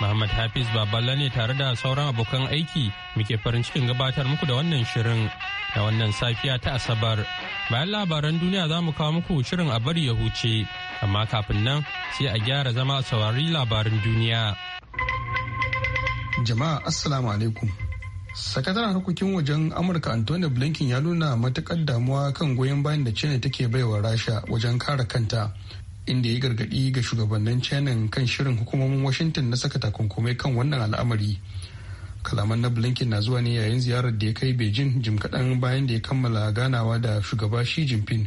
Muhammad Hafiz Baballa ne tare da sauran abokan aiki muke farin cikin gabatar muku da wannan shirin da wannan safiya ta Asabar. Bayan labaran duniya za mu kawo muku shirin a bari ya huce, amma kafin nan sai a gyara zama a saurari labaran duniya. Jama'a Assalamu alaikum. Sakataren harkokin wajen Amurka Anthony Blinken ya nuna matukar damuwa kan goyon bayan da China take baiwa Rasha wajen kare kanta inda ya gargadi ga shugabannin china kan shirin hukumomin washington na saka takunkumai kan wannan al'amari kalaman na blinken na zuwa ne yayin ziyarar da ya kai beijing jim kaɗan bayan da ya kammala ganawa da shugaba shi jinping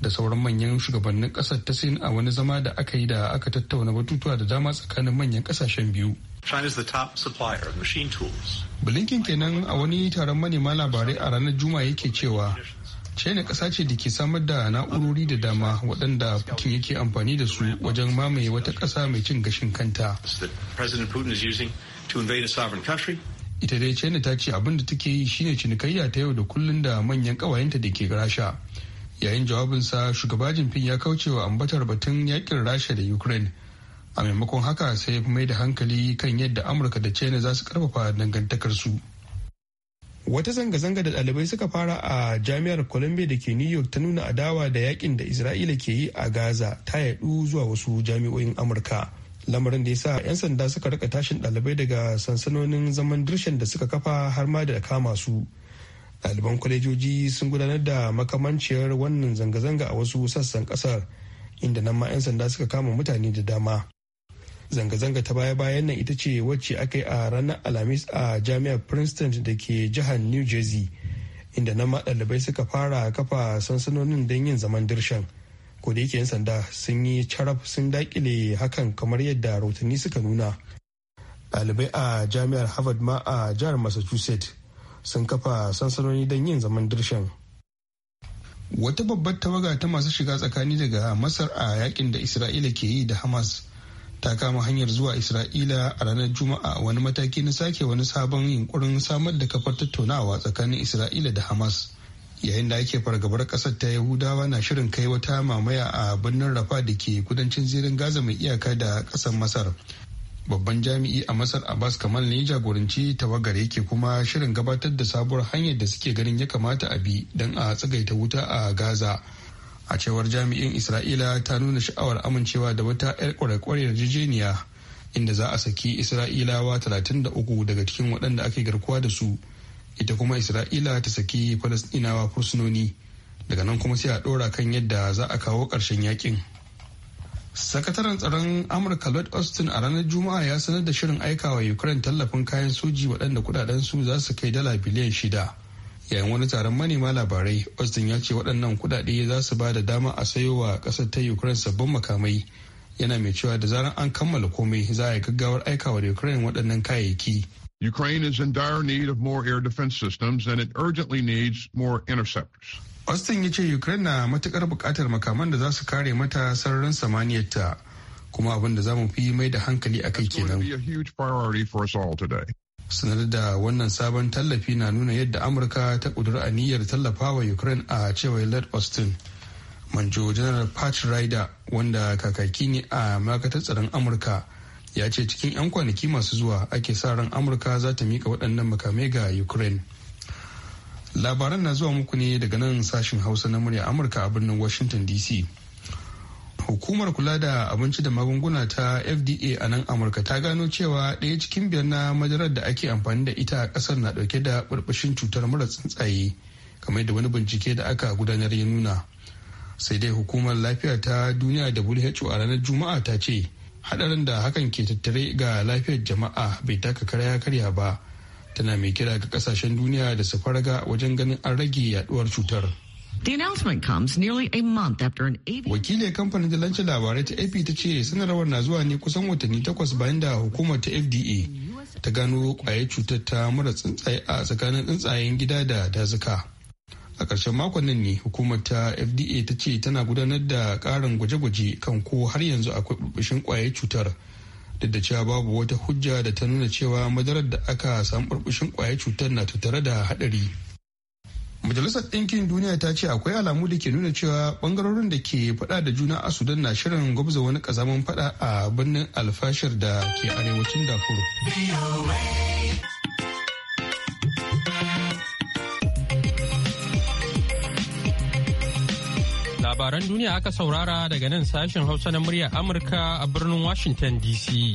da sauran manyan shugabannin ƙasar ta sin a wani zama da aka yi da aka tattauna batutuwa da dama tsakanin manyan ƙasashen biyu blinken kenan a wani taron manema labarai a ranar juma'a yake cewa china ƙasa ce da ke samar da na'urori da dama waɗanda putin yake amfani da su wajen mamaye wata ƙasa mai cin gashin kanta ita dai china ta ce abin da take yi shine cinikayya ta yau da kullun da manyan ƙawayenta da ke rasha yayin jawabinsa shugaba jinping ya kauce wa ambatar batun yakin rasha da ukraine a maimakon haka sai mai da hankali kan yadda amurka da china za su karfafa dangantakarsu. su wata zanga-zanga da dalibai suka fara a jami'ar columbia da ke new york ta nuna adawa da yakin da isra'ila ke yi a gaza ta yadu zuwa wasu jami'o'in amurka lamarin da ya sa 'yan sanda suka rika tashin dalibai daga sansanonin zaman dirshan da suka kafa har ma da kama su ɗaliban kwalejoji sun gudanar da makamanciyar wannan zanga-zanga a wasu sassan ƙasar inda nan ma 'yan sanda suka kama mutane da dama zanga-zanga ta baya-bayan nan ita ce wacce aka yi a ranar alhamis a jami'ar princeton da ke jihar new jersey inda nan ɗalibai suka fara kafa sansanonin don yin zaman dirshan ko da yake sanda sun yi caraf sun dakile hakan kamar yadda rahotanni suka nuna ɗalibai a jami'ar harvard ma a jihar massachusetts sun kafa sansanoni don yin zaman dirshan wata babbar tawaga ta masu shiga tsakani daga masar a yakin da isra'ila ke yi da hamas ta kama hanyar zuwa isra'ila a ranar juma'a wani mataki na sake wani sabon yunkurin samar da kafar tattaunawa tsakanin isra'ila da hamas yayin da ake fargabar kasar ta yahudawa na shirin kai wata mamaya a birnin rafa da ke kudancin zirin gaza mai iyaka da kasar masar babban jami'i a masar abbas kamal ne jagoranci tawagar yake kuma shirin gabatar da sabuwar hanyar da suke ganin ya kamata a bi don a tsagaita wuta a gaza a cewar jami'in isra'ila ta nuna sha'awar amincewa da wata 'yar kwarekwariyar yarjejeniya inda za a saki isra'ilawa 33 daga cikin waɗanda ake garkuwa da su ita kuma isra'ila ta saki falasɗinawa fursunoni daga nan kuma sai a ɗora kan yadda za a kawo ƙarshen yakin sakataren tsaron amurka lord austin a ranar juma'a ya sanar da shirin aikawa ukraine tallafin kayan soji waɗanda kudaden su za su kai dala biliyan shida yayin wani taron manema labarai austin ya ce waɗannan kuɗaɗe za su ba da dama a sayo wa ƙasar ta ukraine sabbin makamai yana mai cewa da zarar an kammala komai za a yi gaggawar aikawa da ukraine waɗannan kayayyaki Ukraine is in dire need of more air defense systems and it urgently needs more interceptors. Austin ya ce Ukraine na matukar bukatar makaman da za su kare mata sararin samaniyarta kuma abin da za mu fi mai da hankali a kai kenan. sanar da wannan sabon tallafi na nuna yadda amurka ta ƙudura aniyar tallafawa ukraine a cewar led austin manjo janar pat ryder wanda kakaki ne a ma'aikatar tsaron amurka ya ce cikin 'yan kwanaki masu zuwa ake sa ran amurka za ta mika waɗannan makamai ga ukraine labaran na zuwa muku ne daga nan sashen hausa na murya amurka a birnin washington dc hukumar kula da abinci da magunguna ta fda a nan amurka ta gano cewa ɗaya cikin biyar na madarar da ake amfani da ita a ƙasar na ɗauke da barbashin cutar mura tsuntsaye kamar da wani bincike da aka gudanar ya nuna sai dai hukumar lafiya ta duniya who a ranar juma'a ta ce hadarin da hakan ke tattare ga lafiyar jama'a bai taka karya karya ba tana mai kira ga ƙasashen duniya da su faraga wajen ganin an rage yaduwar cutar. The announcement comes nearly a month after an AV. Wakilin kamfanin dalancin labarai ta AP ta ce sanarwar na zuwa ne kusan watanni takwas bayan da hukumar ta FDA ta gano kwayar cutar ta mura tsuntsaye a tsakanin tsuntsayen gida da dazuka. A ƙarshen makon nan ne hukumar ta FDA ta ce tana gudanar da ƙarin gwaje-gwaje kan ko har yanzu akwai burbushin kwayar cutar. duk da cewa babu wata hujja da ta nuna cewa madarar da aka samu burbushin kwayar cutar na tattare da haɗari. majalisar ɗinkin duniya ta ce akwai alamu da ke nuna cewa bangarorin da ke faɗa da juna a sudan na shirin gwabza wani kazaman faɗa a birnin alfashir da ke arewacin darfur labaran duniya aka saurara daga nan sashen hausa na muryar amurka a birnin washington dc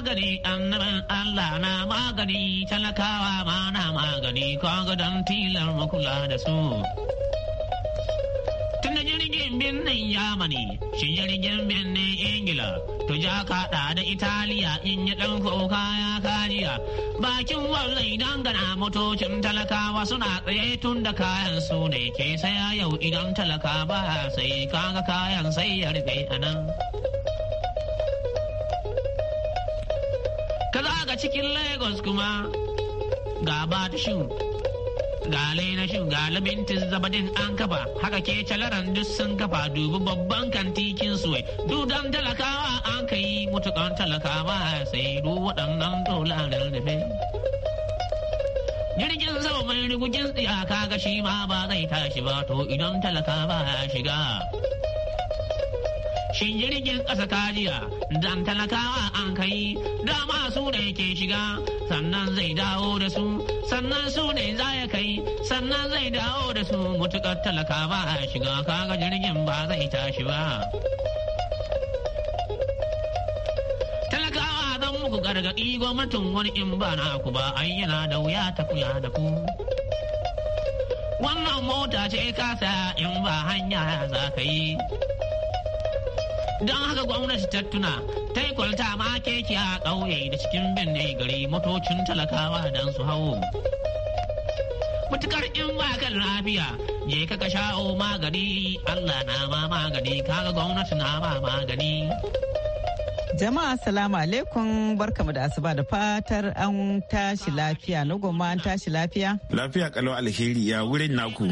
magani annaban Allah na magani talakawa ma na magani kaga don tilar makula da su. Tun da jirgin birnin Yamani, shi jirgin birnin Ingila, to ja kaɗa da italiya in yi ɗan kaya ya kariya bakin wallan dangana gana motocin talakawa suna tsaye tun da kayan su ne ke saya yau idan talaka ba sai kaga kayan sai ya rufe a nan. cikin Lagos kuma ga Batushin, ga Lainashin, ga Labintin Zabadin an kafa, haka ke calaran duk sun kafa dubi babban kin kantikin duk Dudan talakawa an ka yi mutukan talakawa sai du waɗannan dolarar da Jirgin sama mai rigujin tsiyaka ga shi ma ba zai tashi ba to idan talakawa ya shiga. shin jirgin ƙasa ta jiya dan talakawa an kai dama su ne ke shiga sannan zai dawo da su sannan su ne za ya kai sannan zai dawo da su mutuƙar talaka ba a shiga kaga jirgin ba zai tashi ba talakawa zan muku gargaɗi gwamnatin wani in ba na ku ba ayyana da wuya ta kula da ku wannan mota ce kasa in ba hanya za ka yi don haka gwamnati ta tuna ta yi kwalta ma keke a ƙauye da cikin binne gari motocin talakawa don su hau mutukar in ba kan lafiya je ka ka sha'o magani allah na ma magani kaga gwamnati na ma magani Jama'a salamu alaikum barkamu da asuba da fatar an tashi lafiya na goma an tashi lafiya. Lafiya kalau alheri ya wurin naku.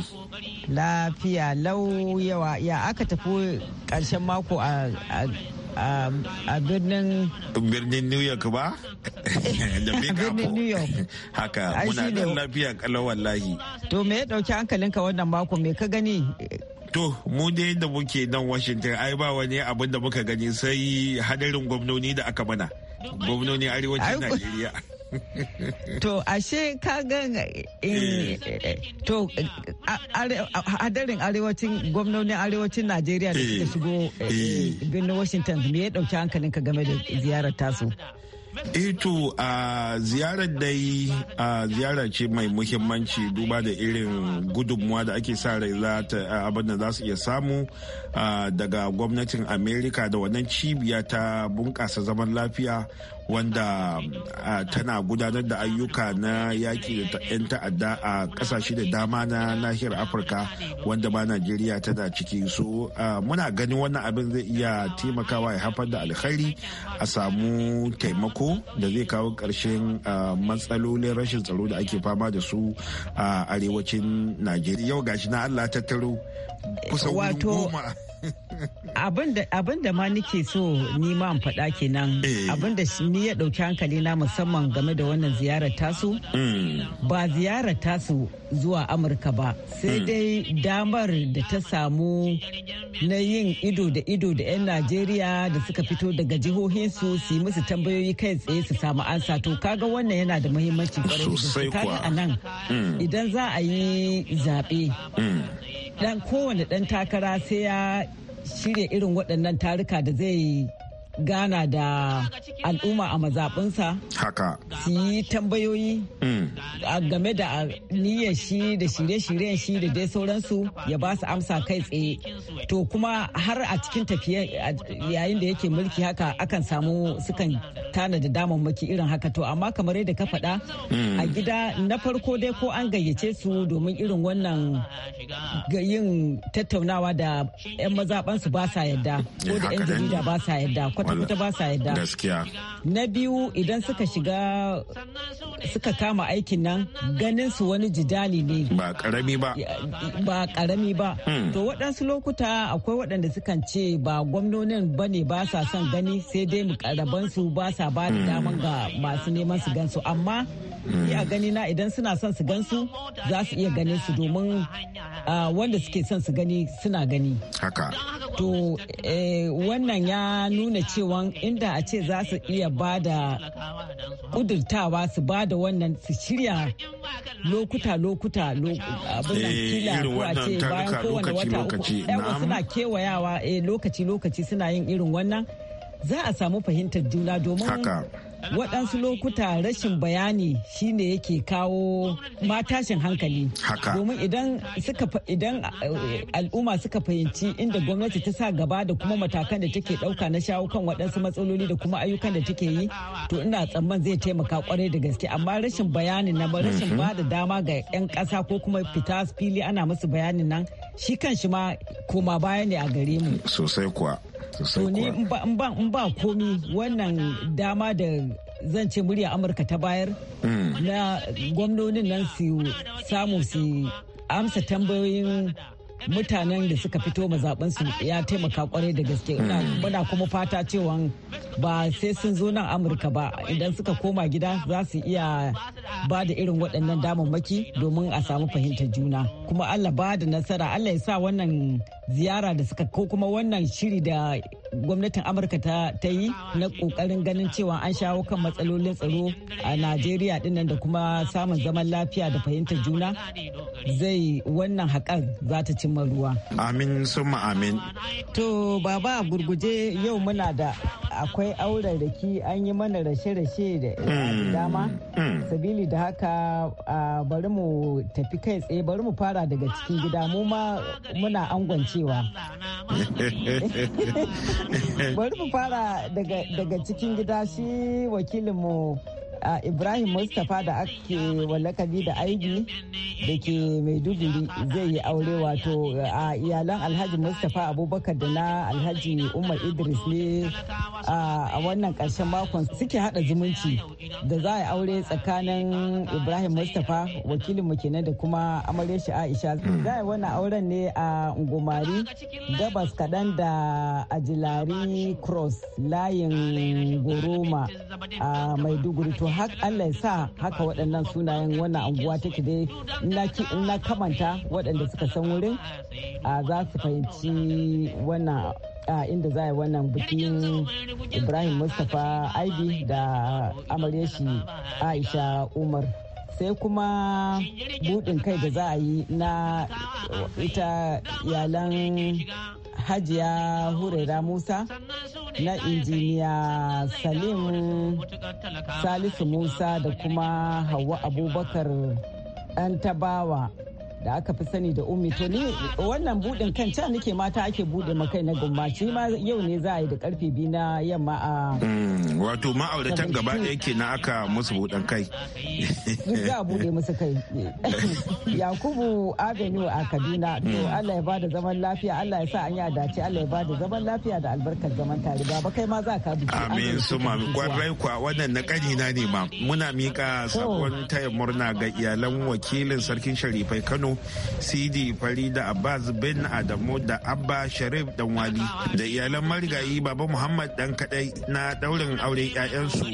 lafiya lau yawa ya aka tafi karshen mako a a birnin birnin new york ba da birnin new york haka muna da lafiya kalau wallahi to me ya dauki hankalinka wannan mako me ka gani To, mu dai da muke nan Washington ai ba wani abin da muka gani sai hadarin gwamnoni da aka mana. Gwamnoni arewacin Najeriya. to ashe ka gan eh, to hadarin arewacin gwamnonin arewacin najeriya da suka eh, shigo eh, birnin washington me ya dauki ka game da ziyarar tasu Ito a ziyarar dai a ziyara ce mai muhimmanci duba da irin gudunmuwa da ake sa rai ta abin da za su iya samu daga gwamnatin Amerika da wannan cibiya ta bunƙasa zaman lafiya wanda tana gudanar da ayyuka na yaki da 'yan ta'adda a kasashe da dama na nahiyar afirka wanda ma najeriya tana ciki so muna ganin wannan abin zai iya taimakawa ya haifar da alkhairi a samu taimako da zai kawo ƙarshen matsalolin rashin tsaro da ake fama da su a arewacin najeriya yau gashi na allah tattaro kusan goma abin da ma nike so ni ma faɗa kenan eh. abin da ni ya ɗauki hankali na musamman game da wannan ziyarar tasu hmm. ba ziyarar tasu zuwa amurka ba sai hmm. dai damar da ta samu na yin ido da ido da 'yan najeriya da suka fito daga jihohinsu su yi musu tambayoyi kai tsaye su samu ansa to kaga wannan yana da muhimmanci a nan hmm. idan za a yi zaɓe dan kowane ɗan takara sai ya shirya irin waɗannan taruka da zai gana da al'umma a mazaɓinsa haka su yi tambayoyi hmm. game da niyyar shi da shirye-shiryen shi da dai sauransu ya ba su amsa kai tsaye to kuma har a cikin tafiya yayin da yake mulki haka akan samu sukan tana da damammaki irin haka to amma kamar yadda ka faɗa a hmm. gida na farko dai ko an gayyace su domin irin wannan yin tattaunawa da 'yan mazaɓansu ba sa yadda ko da 'yan jarida ba sa yadda kwata ba sa yadda gaskiya na biyu idan suka shiga suka kama aikin nan ganin su wani jidali ne ba karami ba ba karami ba hmm. to waɗansu lokuta akwai waɗanda sukan ce ba gwamnonin ba ne ba sa son gani sai dai mukarraban su ba sa ba da hmm. daman ga masu neman su gansu amma ya hmm. gani na idan suna son su gansu za su iya ganin su domin wanda suke son su gani suna gani haka to eh, wannan ya nuna cewa cewa inda a ce za su iya ba da kudurtawa su ba da wannan su shirya lokuta-lokuta abinan eh, kila ce bayan kowane wata uku suna kewayawa lokaci-lokaci eh, suna yin irin wannan za a samu fahimtar juna domin waɗansu lokuta rashin bayani shine yake kawo matashin hankali domin idan eh, al'umma suka fahimci inda gwamnati ta sa gaba da kuma matakan da take ɗauka na shawo kan waɗansu matsaloli da kuma ayyukan da take yi to ina tsamman zai taimaka kwarai da gaske amma rashin bayanin na rashin mhm. ba da dama ga 'yan ƙasa ko kuma fita fili ana musu bayanin nan shi kan shi ma koma baya ne a gare mu sosai kuwa to ni in ba komi wannan dama da zan ce murya amurka ta bayar hmm. na gwamnonin nan su samu su amsa tambayoyin mutanen da suka fito mazaɓinsu ya taimaka kwarai da gaske ina hmm. kuma fata cewa ba sai sun zo nan amurka ba idan suka koma gida za su iya ba da irin waɗannan damammaki domin a samu fahimtar juna kuma allah ba da nasara allah ya sa wannan ziyara da suka ko kuma wannan shiri da gwamnatin amurka ta yi na kokarin ganin cewa an shawo kan matsalolin tsaro a najeriya dinnan da kuma samun zaman lafiya da fahimtar juna zai wannan haƙar za ta cimma ruwa amin summa amin to baba a gurguje yau muna da akwai akwai auren ki an yi mana rashe-rashe da mm. dama mm. sabili da haka bari mu tafi kai tsaye bari mu fara daga cikin gida mu ma muna cewa bari mu fara daga cikin gida shi wakilinmu a ibrahim mustapha da ake lakabi da aibi da ke maiduguri zai yi aure wato a iyalan alhaji mustapha abubakar da na alhaji umar idris ne a wannan karshen makon suke hada zumunci da za a yi aure tsakanin ibrahim mustapha wakilin kenan da kuma amarya shi aisha hmm. za a yi wannan auren ne a ngomari gabas kaɗan da ajilari cross layin goroma a maiduguri to har Allah ya sa haka waɗannan sunayen wannan anguwa take dai na kamanta waɗanda suka san wurin za su fahimci wannan a inda za a yi wannan bikin ibrahim mustapha Aidi da amarya shi aisha umar sai kuma budin kai da za a yi na ita iyalan hajiya hurera musa na injiniya salim salisu musa da kuma hawa abubakar ɗan tabawa da aka fi sani da ummi to ni wannan budin kan can nake mata ake bude makai na gummaci ma yau ne za a yi da karfe biyu na yamma a mm, wato ma'auratan gaba ɗaya ke na aka musu buɗin kai duk za a bude musu kai yakubu avenue a kaduna to mm. allah ya bada zaman lafiya allah ya sa an yi dace allah ya bada zaman lafiya da albarkar zaman tare ba kai ma za ka biki amin su ma kwarai kwa wannan na kanina ne ma muna mika oh. sakon taya murna ga iyalan wakilin sarkin sharifai kano kano Sidi Farida Abbas bin Adamu da Abba Sharif Danwali da iyalan marigayi Baba Muhammad dan kadai na daurin aure 'ya'yansu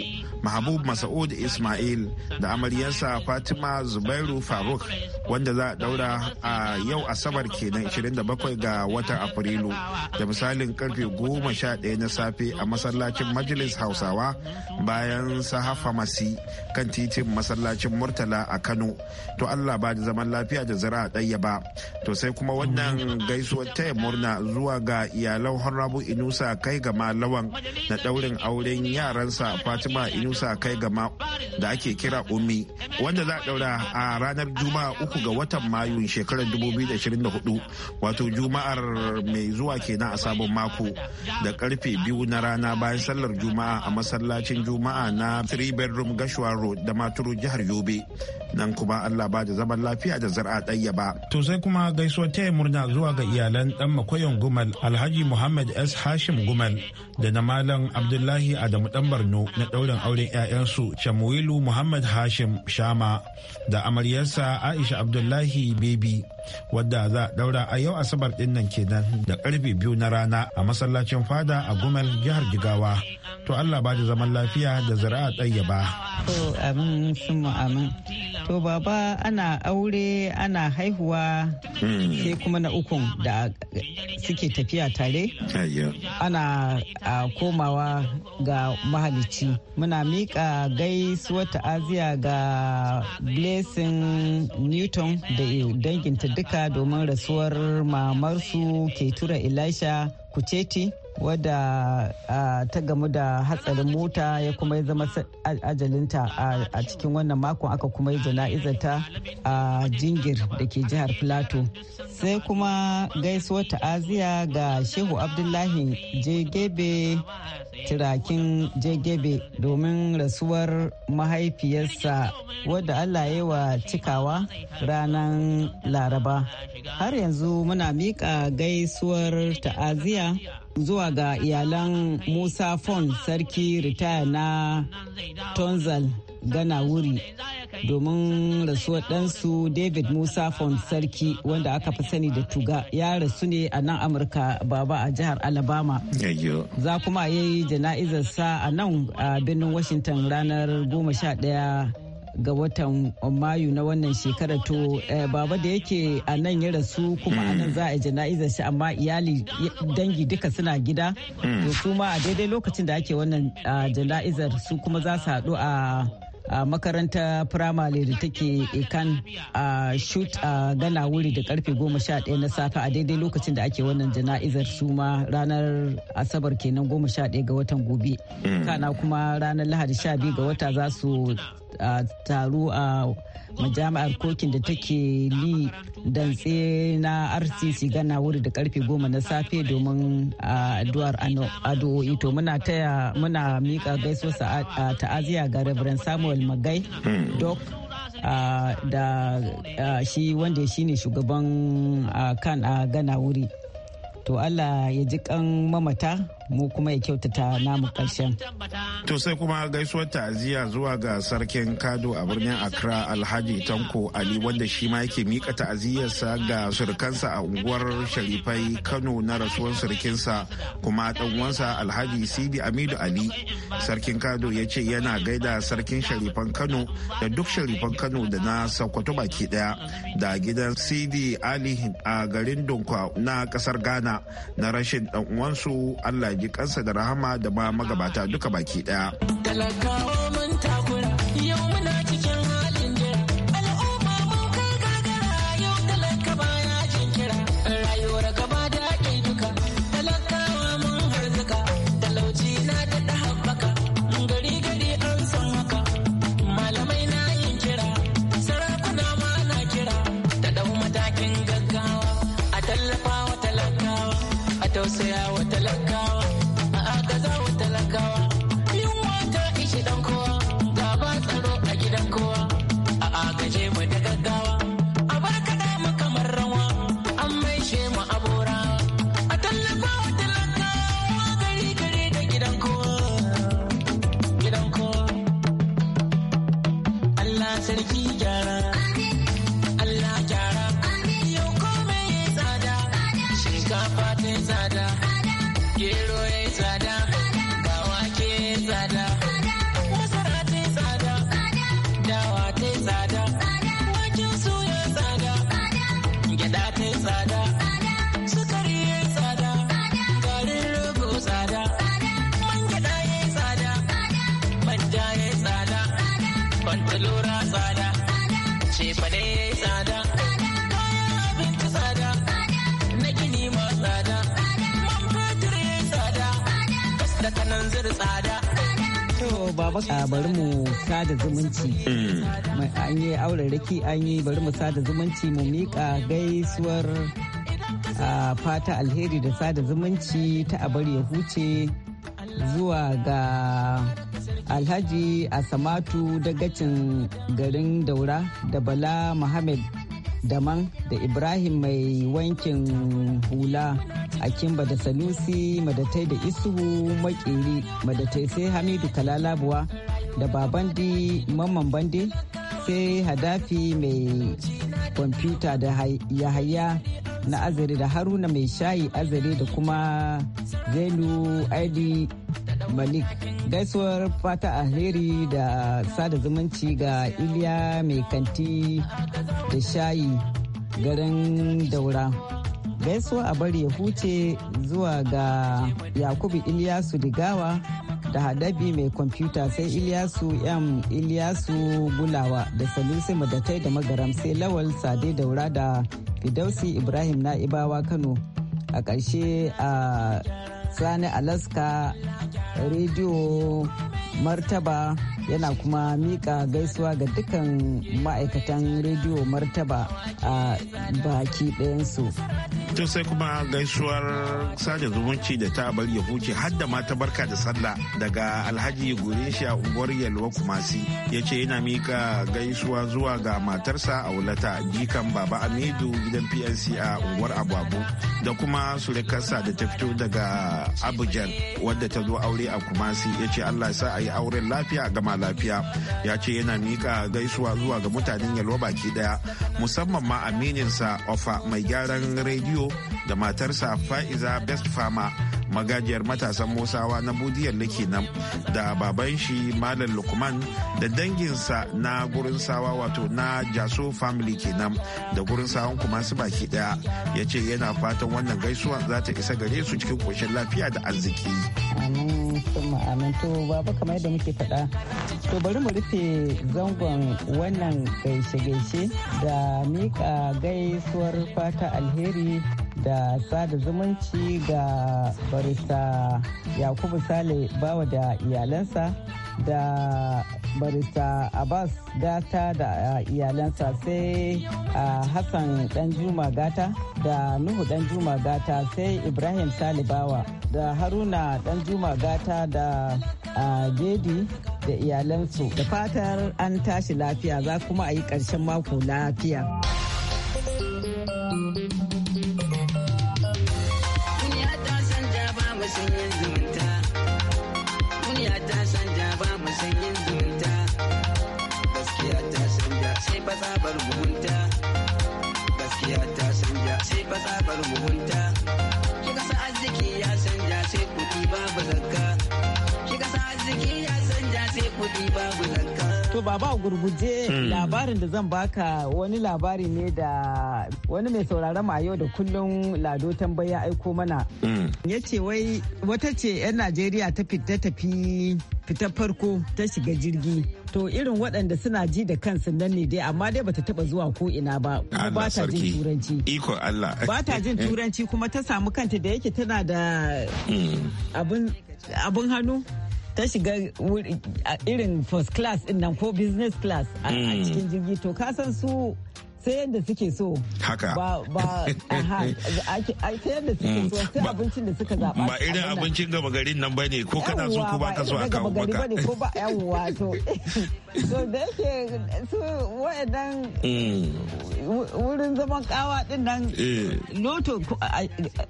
mahabub masa'ud ismail da amaryarsa fatima zubairu faruk wanda za a daura a yau asabar kenan 27 ga watan afrilu da misalin karfe 11 na safe a masallacin majalis hausawa bayan sahafa masi kan titin masallacin murtala a kano to allah ba da zaman lafiya da zira ɗaya ba to sai kuma wannan gaisuwar taya murna zuwa ga iyalan honorable inusa kai ga malawan na daurin auren yaransa fatima inusa Yunusa kai gama da ake kira Ummi wanda za a daura a ranar Juma'a uku ga watan Mayu shekarar 2024 wato Juma'ar mai zuwa kenan a sabon mako da karfe biyu na rana bayan sallar Juma'a a masallacin Juma'a na 3 bedroom Gashua Road da Maturu jihar Yobe nan kuma Allah ba da zaman lafiya da zar'a ɗayya ba. To sai kuma gaisuwar taya murna zuwa ga iyalan dan makoyan Gumal Alhaji Muhammad S Hashim Gumal da na Malam Abdullahi Adamu ɗan Barno na ɗaurin aure wajen 'ya'yansu shamuilu muhammad hashim shama da amaryarsa aisha abdullahi bebi wadda za a daura a yau asabar din nan kenan da karfe biyu na rana a masallacin fada a gumel jihar jigawa to allah ba da zaman lafiya da zara'a ba. to amin sun amin to baba ana aure ana haihuwa hmm. sai kuma na ukun da suke tafiya tare ana komawa ga mahalicci muna miƙa gaisuwar ta'aziya ga blessing newton da danginta duka domin rasuwar mamarsu tura elisha kuceti wadda ta gamu da hatsarin mota ya kuma zama ajalinta a cikin wannan makon aka kuma yi jana'izarta a jingir da ke jihar plateau sai kuma gaisuwar ta'aziya ga shehu abdullahi jegebe tirakin jegebe domin rasuwar mahaifiyarsa wadda allah ya wa cikawa ranar laraba har yanzu muna miƙa gaisuwar ta'aziya zuwa ga iyalan musa fon sarki ritaya na tonzal gana wuri domin rasuwar ɗansu david musa fon sarki wanda aka fi sani da tuga ya rasu ne a nan amurka baba a jihar alabama za kuma a yi jana'izarsa a nan a birnin washington ranar 11 ga watan mayu na wannan shekara to eh, baba da yake a nan ya rasu kuma a nan mm. za a jana'izar shi amma iyali dangi duka suna gida mm. to su ma a daidai lokacin da ake wannan jana'izar su kuma za su haɗu a a makaranta firamare da take ikan a shoot a gana wuri da karfe 11 na safe a daidai lokacin da ake wannan jana'izar su ma ranar asabar kenan 11 ga watan gobe mm. kana kuma ranar lahadi 12 ga wata za su A taro a majami'ar kokin da take li dantse na rcc gana wuri da karfe goma na safe domin addu'ar addu'o'i to muna taya muna mika gaiso ta'aziya ga reverend samuel magai doc da shi wanda shi ne shugaban kan a gana wuri to allah ya ji kan mamata mu kuma ya kyautata namu ƙarshen. To sai kuma gaisuwar ta'aziyya zuwa ga sarkin Kado a birnin Accra Alhaji Tanko Ali wanda shi ma yake mika ta'aziyyarsa ga surukansa a unguwar Sharifai Kano na rasuwar surukinsa kuma dan uwansa Alhaji Sidi Amidu Ali. Sarkin Kado ya ce yana gaida sarkin Sharifan Kano da duk Sharifan Kano da na Sokoto baki daya da gidan Sidi Ali a garin Dunkwa na kasar Ghana na rashin dan uwansu Allah zagi kansa da rahama da ma magabata duka baki daya. bari mu sada zumunci an yi auraraki an yi bari mu sada zumunci mu miƙa gaisuwar fata alheri da sada zumunci ta abar ya huce zuwa ga alhaji asamatu dagacin garin daura da bala muhammad daman da ibrahim mai wankin hula a kimba da sanusi madatai da isuhu makeri madatai sai hamidu kalalabuwa da babandi mamman bandi sai hadafi mai kwamfuta da yahaya na azare da haruna mai shayi azare da kuma zainu aidi Malik. Gaisuwar fata alheri da sada zumunci ga Iliya mai kanti da shayi garin daura. Gaisuwa a bari ya huce zuwa ga Yakubu Iliyasu Digawa da hadabi mai kwamfuta sai Iliyasu M Iliyasu Gulawa da Salisu Madatai da Magaram sai Lawal Sade Daura da Fidausi Ibrahim Na'ibawa Kano. A ƙarshe a sani alaska radio martaba yana kuma mika gaisuwa ga dukkan ma'aikatan radio martaba a baki ɗayansu to sai kuma gaisuwar sada zumunci da ta bar ya huce har da mata barka da sallah daga alhaji gurin shi unguwar yalwa kumasi ya ce yana mika gaisuwa zuwa ga matarsa a wulata jikan baba amidu gidan pnc a unguwar ababu da kuma surikarsa da ta fito daga abujan wadda ta zo aure a kumasi ya ce allah sa a yi auren lafiya gama lafiya ya ce yana mika gaisuwa zuwa ga mutanen yalwa baki daya musamman ma amininsa ofa mai gyaran rediyo da matarsa Fa'iza Best Fama magajiyar matasan musawa na budiyar da nan da baban shi malam lukman da danginsa na gurin sawa wato na jaso family kenan da gurin sawan kuma su baki daya ya ce yana fatan wannan gaisuwa za ta isa gare su cikin koshin lafiya da arziki amin to baba kamar yadda muke faɗa to bari mu rufe zangon wannan gaishe-gaishe da miƙa gaisuwar fata alheri da sada zumunci ga barista yakubu sale bawa da iyalansa da barista abbas gata da iyalansa sai hassan danjuma gata da nuhu danjuma gata sai ibrahim sale bawa da haruna danjuma gata da gedi da iyalansu da fatar an tashi lafiya za kuma a yi ƙarshen mako lafiya. bar buhunta ki kasa arziki ya sanja sai kuɗi babu zakka ki kasa arziki ya sanja sai kuɗi babu zakka To baba a gurguje hmm. labarin da zan baka wani labari ne da wani mai sauraron ma yau da kullum lado tambaya aiko mana. Hmm. Ya ce wai wata ce 'yan Najeriya ta fita tafi fitar farko ta shiga jirgi. To irin waɗanda suna ji da kansu nan ne dai amma dai bata taba zuwa ko ina ba. Ba ta jin turanci. Iko Allah. Ba ta jin eh. turanci kuma ta samu kanta da yake tana da hmm. abin hannu. ta shiga irin first class ɗin nan ko business class a mm. cikin jirgi to san su sai yadda suke so haka ba ba a ta yadda suke mm. so sai abincin da suka zaba ba irin abincin gaba garin nan bane ko kana so ko baka so a kawo maka ko ba yawwa to to da yake su wayannan mm. wurin zaman kawa din nan eh. loto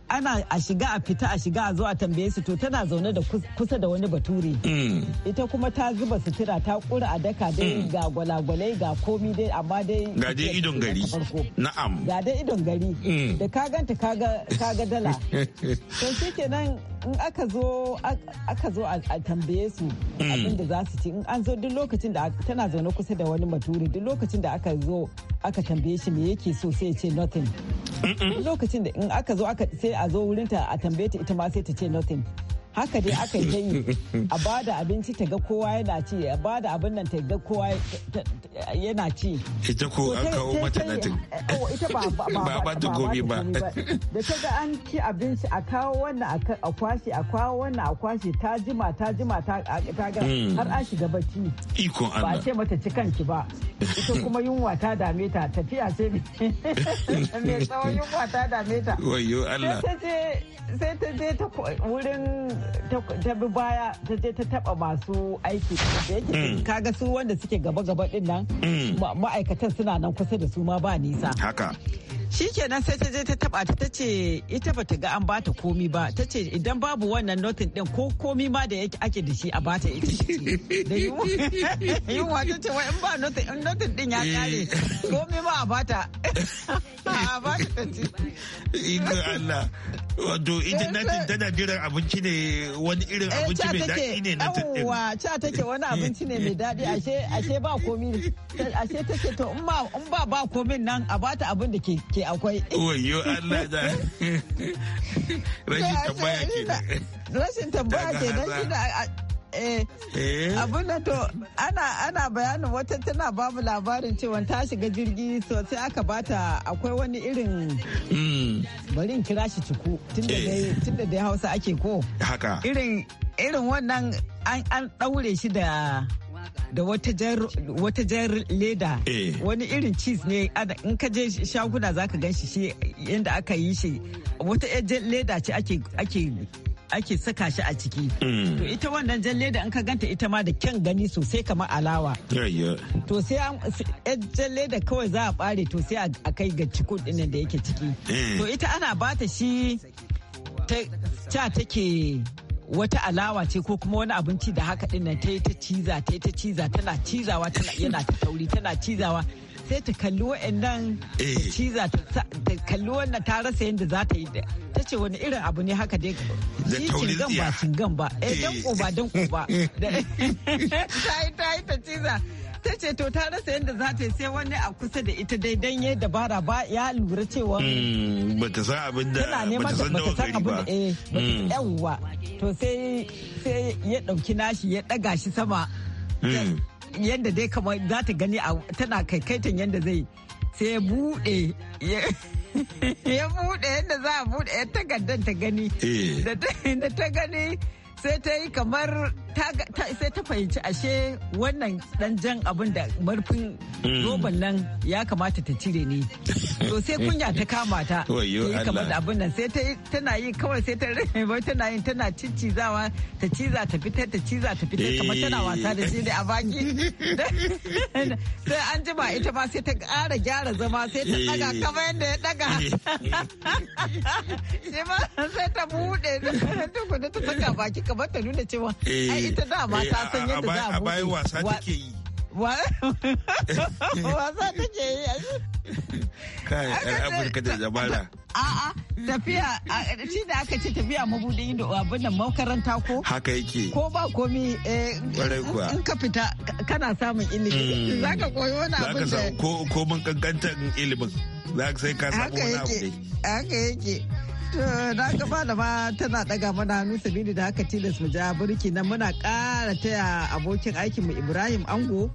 ana a shiga a fita a shiga a zo a tambaye su to tana zaune da kusa da wani bature mm. ita kuma ta zuba sutura ta kura a daka dai ga gwalagwalai ga komi dai amma dai ga dai idon gari na'am ga da idon gari mm. da ka ganta ka ga dala to kenan in aka zo aka zo a tambaye su mm. abin da za su ci in an zo duk lokacin da tana zaune kusa da wani maturi duk lokacin da aka zo aka tambaye shi me yake so sai ya ce nothing lokacin da in aka zo aka sai a zo wurinta a tambaye ta ita ma sai ta ce nothing haka dai aka yi ta yi a ba da abinci ta ga kowa yana ci a ba da abin nan ta ga kowa yana ci ita ko an kawo mata natin oh, ita ba ba ta gobe ba da ta ga an ci abinci a kawo wannan a kwashe a kawo wannan a kwashe ta jima ta jima ta ga hmm. har an shiga bacci ikon Allah ba ce mata ci kanki ba ita kuma yunwa ta dame ta tafiya sai mai tsawon yunwa ta dame ta wayo Allah sai ta je ta wurin ta bi baya ta je ta taba masu aiki da yake hmm. kaga su wanda suke gaba-gaba din nan hmm. ma'aikatan suna nan kusa da su ma ba nisa haka shikenan sai ta je ta taba ta tace ita ba ta ga an bata komi ba ta ce idan babu wannan notin din ko komi ma da yake ake da shi a bata ita da yunwa ta ce wai in ba notin din ya kare eh. komi ma a bata a bata ta ce iko Allah wato ita eh, natin tana jiran abinci ne wani irin eh, abinci mai daɗi ne notin din yawwa cha take wani abinci ne mai daɗi ashe ashe ba komi ashe take to in ba ba komin nan a bata abin da ke ke akwai. Wayo Allah da rashin tambaya ke. Rashin tambaya ke eh, don shi eh? da abu da to ana ana bayanin wata tana babu labarin cewa ta shiga jirgi sosai aka bata akwai wani irin hmm. bari in kira shi ciku tunda da eh. hausa ake ko. Haka. Irin wannan an ɗaure shi da da wata jar leda eh. wani irin cheese ne in ka je shaguna za ka gan shi yadda aka yi shi wata leda ce ake ake saka shi a ciki. Mm. To ita wannan jan leda in ka ganta ita ma da kyan gani sosai kamar alawa. To sai jan leda kawai za a bare to sai a kai ga ciko dinnan da yake ciki. Eh. To ita ana bata shi ta take wata alawa ce ko kuma wani abinci da haka din nan ta yi ta ciza ta yi ta ciza tana cizawa tana yana ta tauri tana cizawa sai ta kalli wa'annan eh. ciza ta kalli wannan ta rasa yadda za ta yi da ta ce wani irin abu ne haka dai shi cingan ba cingan ba eh dan ko ba dan ko ba eh. ta yi ta ciza ta ce to ta rasa yadda za ta sai wani a kusa da ita dai dan ya dabara ba ya lura cewa hmm, ba ta san abin da ba ta san da eh, ba hmm. yawwa to sai sai ya dauki nashi ya daga shi sama hmm. yadda dai kamar za ta gani tana kaikaitan yadda zai sai ya bude ya bude yadda za a bude ya takardar ta gani eh. da ta gani sai ta yi kamar sai ta fahimci ashe wannan dan jan abin da marfin roban hmm. nan ya kamata ta cire ne to sai kunya ta kama ta yi kamar da abin nan sai ta tana yi kawai sai ta rai tana yi tana ciccizawa ta ciza ta fitar ta ciza ta fitar kamar tana eh. wasa da shi ne a baki sai an jima ita ma sai ta ƙara gyara zama sai ta daga eh. kamar yadda ya daga eh. sai ta buɗe tukuna ta saka baki kamar ta nuna cewa eh, ai ita dama eh, ta san yadda za a buɗe. wasa take yi. wasa take yi. Kai, Afirka da Jamala. A'a, tafiya, shi da aka ce tafiya mabudin ido abin nan makaranta ko? Haka yake. Ko ba komi eh, in ka fita kana samun ilimi. Mm. Za ka koyi wani abin da. Ko mun kankanta ilimin. Za ka sai ka samu wani abu. Haka yake. na gaba da ma tana daga mana hannu sabini da haka tilas mu ja burki nan muna ƙara taya abokin aikinmu Ibrahim Ango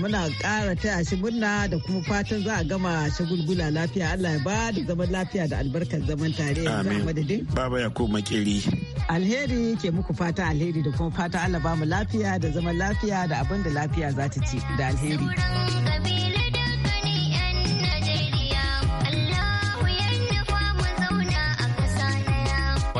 muna kara taya shi murna da kuma fatan za a gama shagulgula lafiya Allah ya ba da zaman lafiya da albarkar zaman tare yanzu madadin. Baba ya koma makeri. Alheri ke muku fata alheri da kuma fata Allah ba mu lafiya da zaman lafiya da abin da lafiya za ta ci da alheri.